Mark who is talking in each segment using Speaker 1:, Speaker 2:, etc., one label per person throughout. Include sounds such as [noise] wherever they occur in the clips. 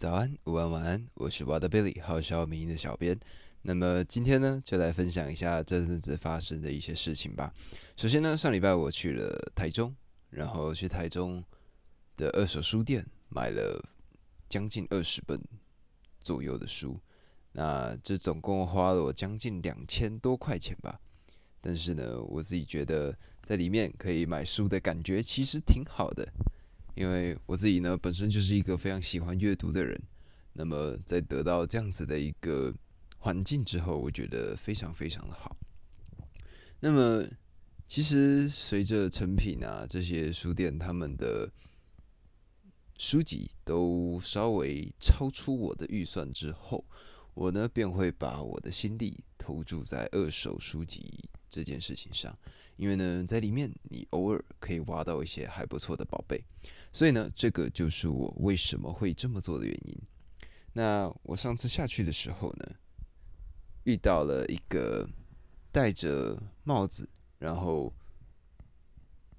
Speaker 1: 早安，午安，晚安，我是 Water Billy，也是民義的小編。那麼今天呢，就來分享一下這陣子發生的一些事情吧。首先呢，上禮拜我去了台中，然後去台中的二手書店買了將近二十本左右的書，那這總共花了我將近兩千多塊錢吧。但是呢，我自己覺得在裡面可以買書的感覺其實挺好的。因為我自己呢，本身就是一個非常喜歡閱讀的人，那麼在得到這樣子的一個環境之後，我覺得非常非常的好。那麼，其實隨着誠品啊這些書店他們的書籍都稍微超出我的預算之後，我呢便會把我的心力投注在二手書籍這件事情上，因為呢，在裡面你偶爾可以挖到一些還不錯的寶貝。所以呢，這個就是我為什麼會這麼做的原因。那我上次下去的時候呢，遇到了一個戴着帽子,然後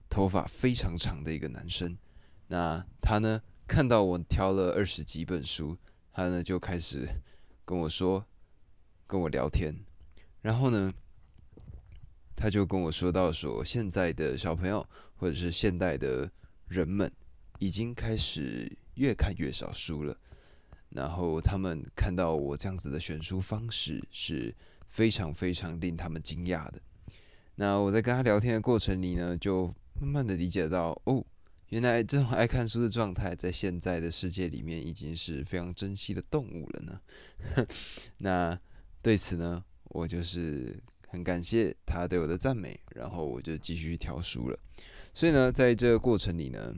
Speaker 1: 頭髮非常長的一個男生。那他呢，看到我挑了二十幾本書，他呢就開始跟我說，跟我聊天。然後呢，他就跟我說到說，現在的小朋友或者是現代的人們。已經開始越看越少書了，然後他們看到我這樣子的選書方式是非常非常令他們驚訝的。那我在跟他聊天的過程裡呢，就慢慢的理解到，哦，原來這種愛看書的狀態在現在的世界裡面已經是非常珍惜的動物了呢。 [laughs] 那對此呢，我就是很感謝他對我的讚美，然後我就繼續挑書了。所以呢，在這個過程裡呢。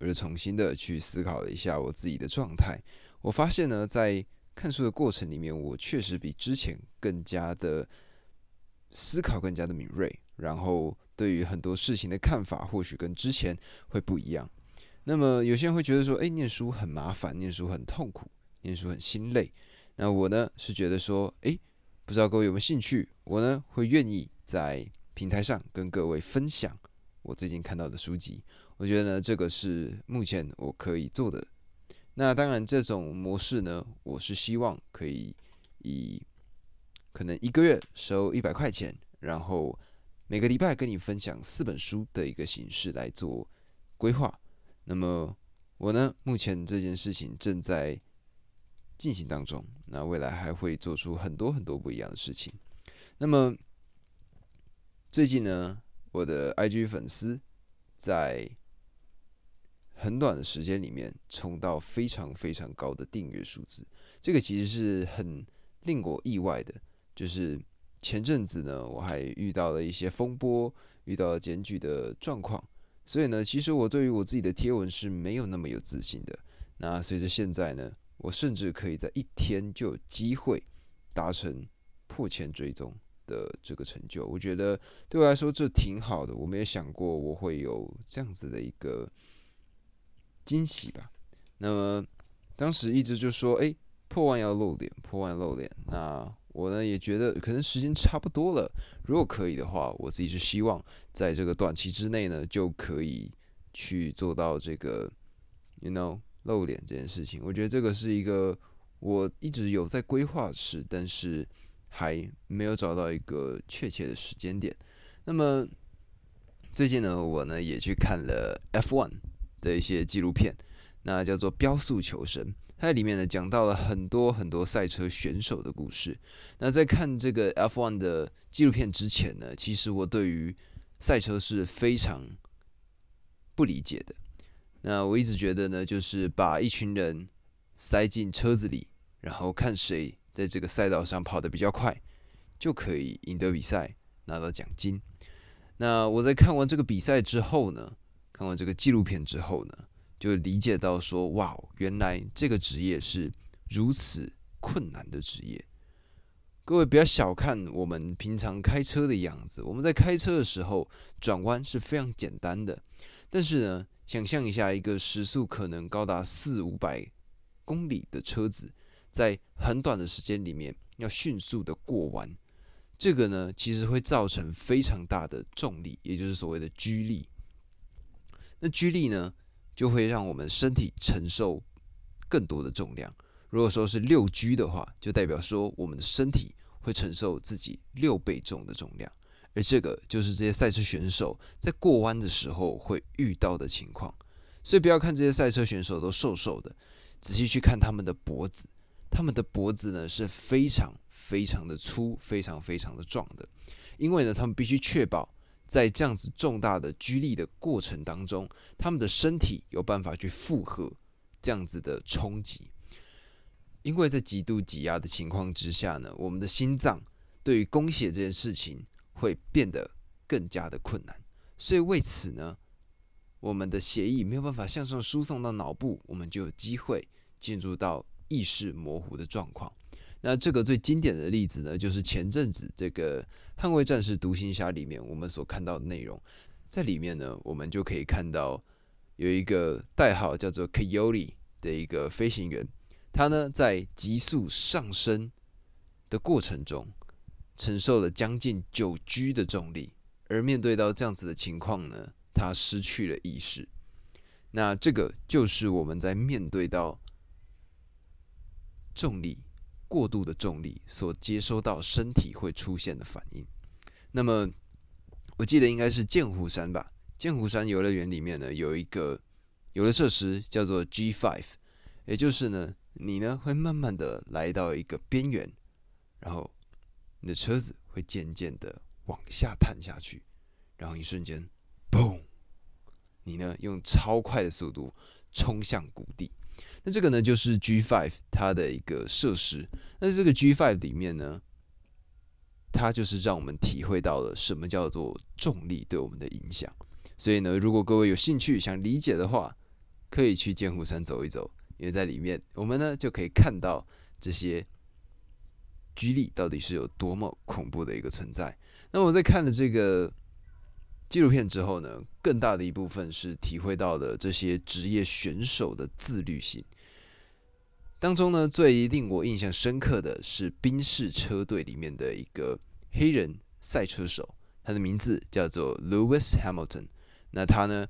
Speaker 1: 我就重新的去思考了一下我自己的狀態，我發現呢，在看書的過程裡面，我確實比之前更加的思考，更加的敏銳，然後對於很多事情的看法或許跟之前會不一樣。那麼有些人會覺得說，哎，念書很麻煩，念書很痛苦，念書很心累。那我呢，是覺得說，哎，不知道各位有沒有興趣，我呢，會願意在平台上跟各位分享我最近看到的書籍。我覺得呢，這個是目前我可以做的。那當然，這種模式呢，我是希望可以以可能一個月收一百塊錢，然後每個禮拜跟你分享四本書的一個形式來做規劃。那麼我呢，目前這件事情正在進行當中，那未來還會做出很多很多不一樣的事情。那麼最近呢，我的 IG 粉絲在。很短的時間裡面衝到非常非常高的訂閱數字，這個其實是很令我意外的。就是前陣子呢，我還遇到了一些風波，遇到了檢舉的狀況，所以呢，其實我對於我自己的貼文是沒有那麼有自信的。那隨着現在呢，我甚至可以在一天就有機會達成破千追蹤的這個成就，我覺得對我來說這挺好的。我沒有想過我會有這樣子的一個。驚喜吧，那麼當時一直就說，哎、欸，破萬要露臉，破萬露臉。那我呢也覺得可能時間差不多了，如果可以的話，我自己是希望在這個短期之內呢，就可以去做到這個，you know，露臉這件事情。我覺得這個是一個我一直有在規劃的事，但是還沒有找到一個確切的時間點。那麼最近呢，我呢也去看了 F1。的一些紀錄片，那叫做《飆速求生》，它裡面呢講到了很多很多賽車選手的故事。那在看這個 F1 的紀錄片之前呢，其實我對於賽車是非常不理解的。那我一直覺得呢，就是把一群人塞進車子裡，然後看誰在這個賽道上跑得比較快，就可以贏得比賽，拿到獎金。那我在看完這個比賽之後呢，看完這個紀錄片之後呢，就理解到說，哇，原來這個職業是如此困難的職業。各位不要小看我們平常開車的樣子，我們在開車的時候轉彎是非常簡單的，但是呢，想象一下一個時速可能高達四五百公里的車子，在很短的時間裡面要迅速的過彎，這個呢，其實會造成非常大的重力，也就是所謂的 G 力。那 G 力呢，就會讓我們身體承受更多的重量。如果說是六 G 的話，就代表說我們的身體會承受自己六倍重的重量。而這個就是這些賽車選手在過彎的時候會遇到的情況。所以不要看這些賽車選手都瘦瘦的，仔細去看他們的脖子，他們的脖子呢，是非常非常的粗，非常非常的壯的。因為呢，他們必須確保，在這樣子重大的拘力的過程當中，他們的身體有辦法去負荷這樣子的衝擊，因為在極度擠壓的情況之下呢，我們的心臟對於供血這件事情會變得更加的困難，所以為此呢，我們的血液沒有辦法向上輸送到腦部，我們就有機會進入到意識模糊的狀況。那這個最經典的例子呢，就是前陣子這個《捍衛戰士：獨行俠》裡面我們所看到的內容。在裡面呢，我們就可以看到有一個代號叫做 Coyote 的一個飛行員，他呢在急速上升的過程中承受了將近九 G 的重力，而面對到這樣子的情況呢，他失去了意識。那這個就是我們在面對到重力。過度的重力所接收到身體會出現的反應。那麼，我記得應該是劍湖山吧？劍湖山遊樂園裡面呢有一個遊樂設施叫做 G Five，也就是呢，你呢會慢慢的來到一個邊緣，然後你的車子會漸漸的往下探下去，然後一瞬間，boom，你呢用超快的速度衝向谷底。那這個呢，就是 G5 它的一個設施。那這個 G5 裡面呢，它就是讓我們體會到了什麼叫做重力對我們的影響。所以呢，如果各位有興趣想理解的話，可以去劍湖山走一走，因為在裡面我們呢就可以看到這些 G 力到底是有多麼恐怖的一個存在。那我在看了這個紀錄片之後呢，更大的一部分是體會到了這些職業選手的自律性。當中呢，最令我印象深刻的是賓士車隊裡面的一個黑人賽車手，他的名字叫做 Lewis Hamilton。那他呢，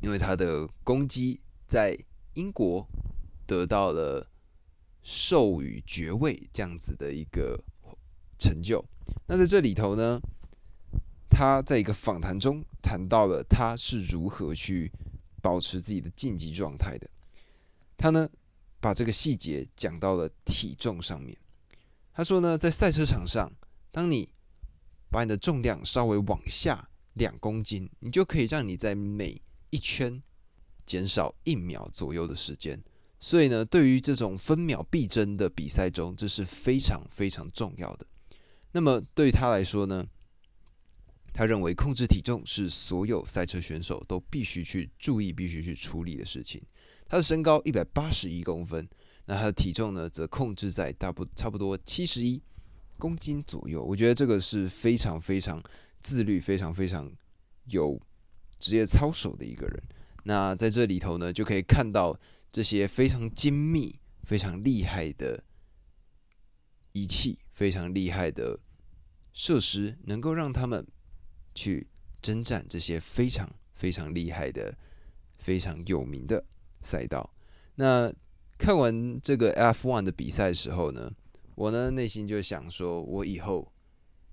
Speaker 1: 因為他的功績，在英國得到了授予爵位這樣子的一個成就。那在這裡頭呢，他在一個訪談中談到了他是如何去保持自己的競技狀態的。他呢，把這個細節講到了體重上面。他說呢，在賽車場上，當你把你的重量稍微往下兩公斤，你就可以讓你在每一圈減少一秒左右的時間。所以呢，對於這種分秒必爭的比賽中，這是非常非常重要的。那麼對於他來說呢，他認為控制體重是所有賽車選手都必須去注意、必須去處理的事情。他的身高一百八十一公分，那他的體重呢，則控制在差不差不多七十一公斤左右。我覺得這個是非常非常自律、非常非常有職業操守的一個人。那在這裡頭呢，就可以看到這些非常精密、非常厲害的儀器、非常厲害的設施，能夠讓他們去征戰這些非常非常厲害的、非常有名的。賽道。那看完這個 F1 的比賽時候呢，我呢內心就想說，我以後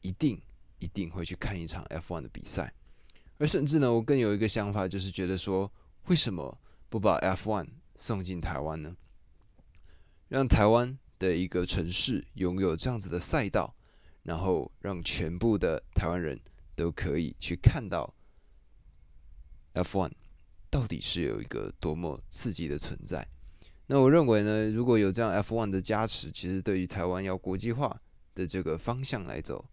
Speaker 1: 一定一定會去看一場 F1 的比賽。而甚至呢，我更有一個想法，就是覺得說，為什麼不把 F1 送進台灣呢？讓台灣的一個城市擁有這樣子的賽道，然後讓全部的台灣人都可以去看到 F1。到底是有一個多麼刺激的存在？那我認為呢，如果有這樣 F1 的加持，其實對於台灣要國際化的這個方向來走，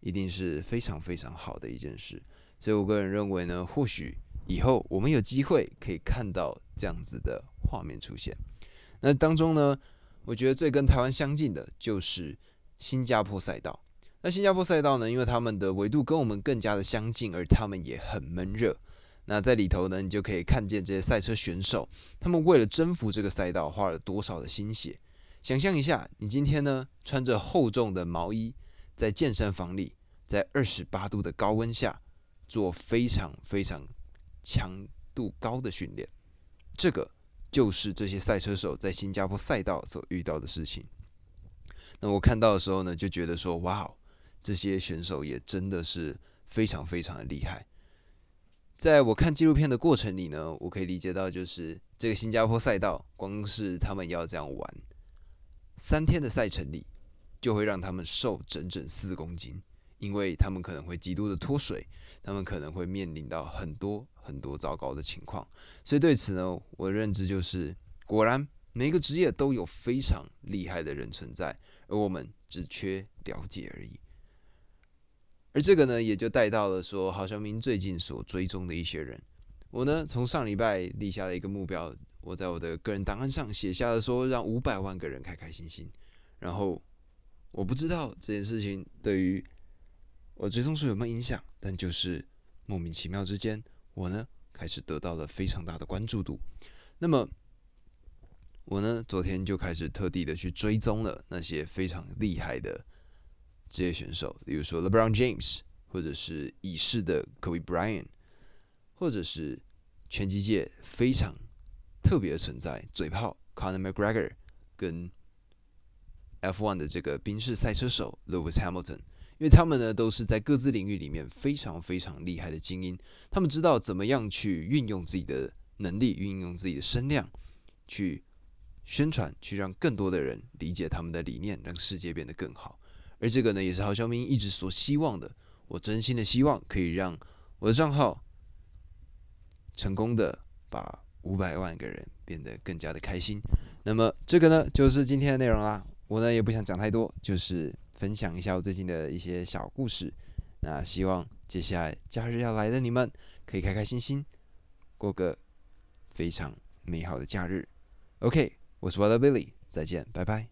Speaker 1: 一定是非常非常好的一件事。所以我個人認為呢，或許以後我們有機會可以看到這樣子的畫面出現。那當中呢，我覺得最跟台灣相近的就是新加坡賽道。那新加坡賽道呢，因為他們的緯度跟我們更加的相近，而他們也很悶熱。那在裡頭呢，你就可以看見這些賽車選手，他們為了征服這個賽道，花了多少的心血。想象一下，你今天呢，穿着厚重的毛衣，在健身房裡，在二十八度的高溫下做非常非常強度高的訓練，這個就是這些賽車手在新加坡賽道所遇到的事情。那我看到的時候呢，就覺得說，哇，這些選手也真的是非常非常的厲害。在我看紀錄片的過程裡呢，我可以理解到，就是這個新加坡賽道，光是他們要這樣玩三天的賽程裡，就會讓他們瘦整整整四公斤，因為他們可能會極度的脫水，他們可能會面臨到很多很多糟糕的情況。所以對此呢，我的認知就是，果然每一個職業都有非常厲害的人存在，而我們只缺了解而已。而這個呢，也就帶到了說，郝曉明最近所追蹤的一些人。我呢，從上禮拜立下了一個目標，我在我的個人檔案上寫下了說，讓五百萬個人開開心心。然後，我不知道這件事情對於我追蹤數有沒有影響，但就是莫名其妙之間，我呢開始得到了非常大的關注度。那麼，我呢昨天就開始特地的去追蹤了那些非常厲害的職業選手，比如說 LeBron James，或者是已逝的 Kobe Bryant，或者是拳擊界非常特別的存在——嘴炮 Conor McGregor，跟 F1 的這個賓士賽車手 Lewis Hamilton，因為他們呢都是在各自領域裡面非常非常厲害的精英，他們知道怎麼樣去運用自己的能力，運用自己的聲量去宣傳，去讓更多的人理解他們的理念，讓世界變得更好。而這個呢，也是郝小明一直所希望的。我真心的希望，可以讓我的賬號成功的把五百萬個人變得更加的開心。那麼，這個呢，就是今天的內容啦。我呢，也不想講太多，就是分享一下我最近的一些小故事。那希望接下來假日要來的你們，可以開開心心過個非常美好的假日。OK，我是 Walter Billy，再見，拜拜。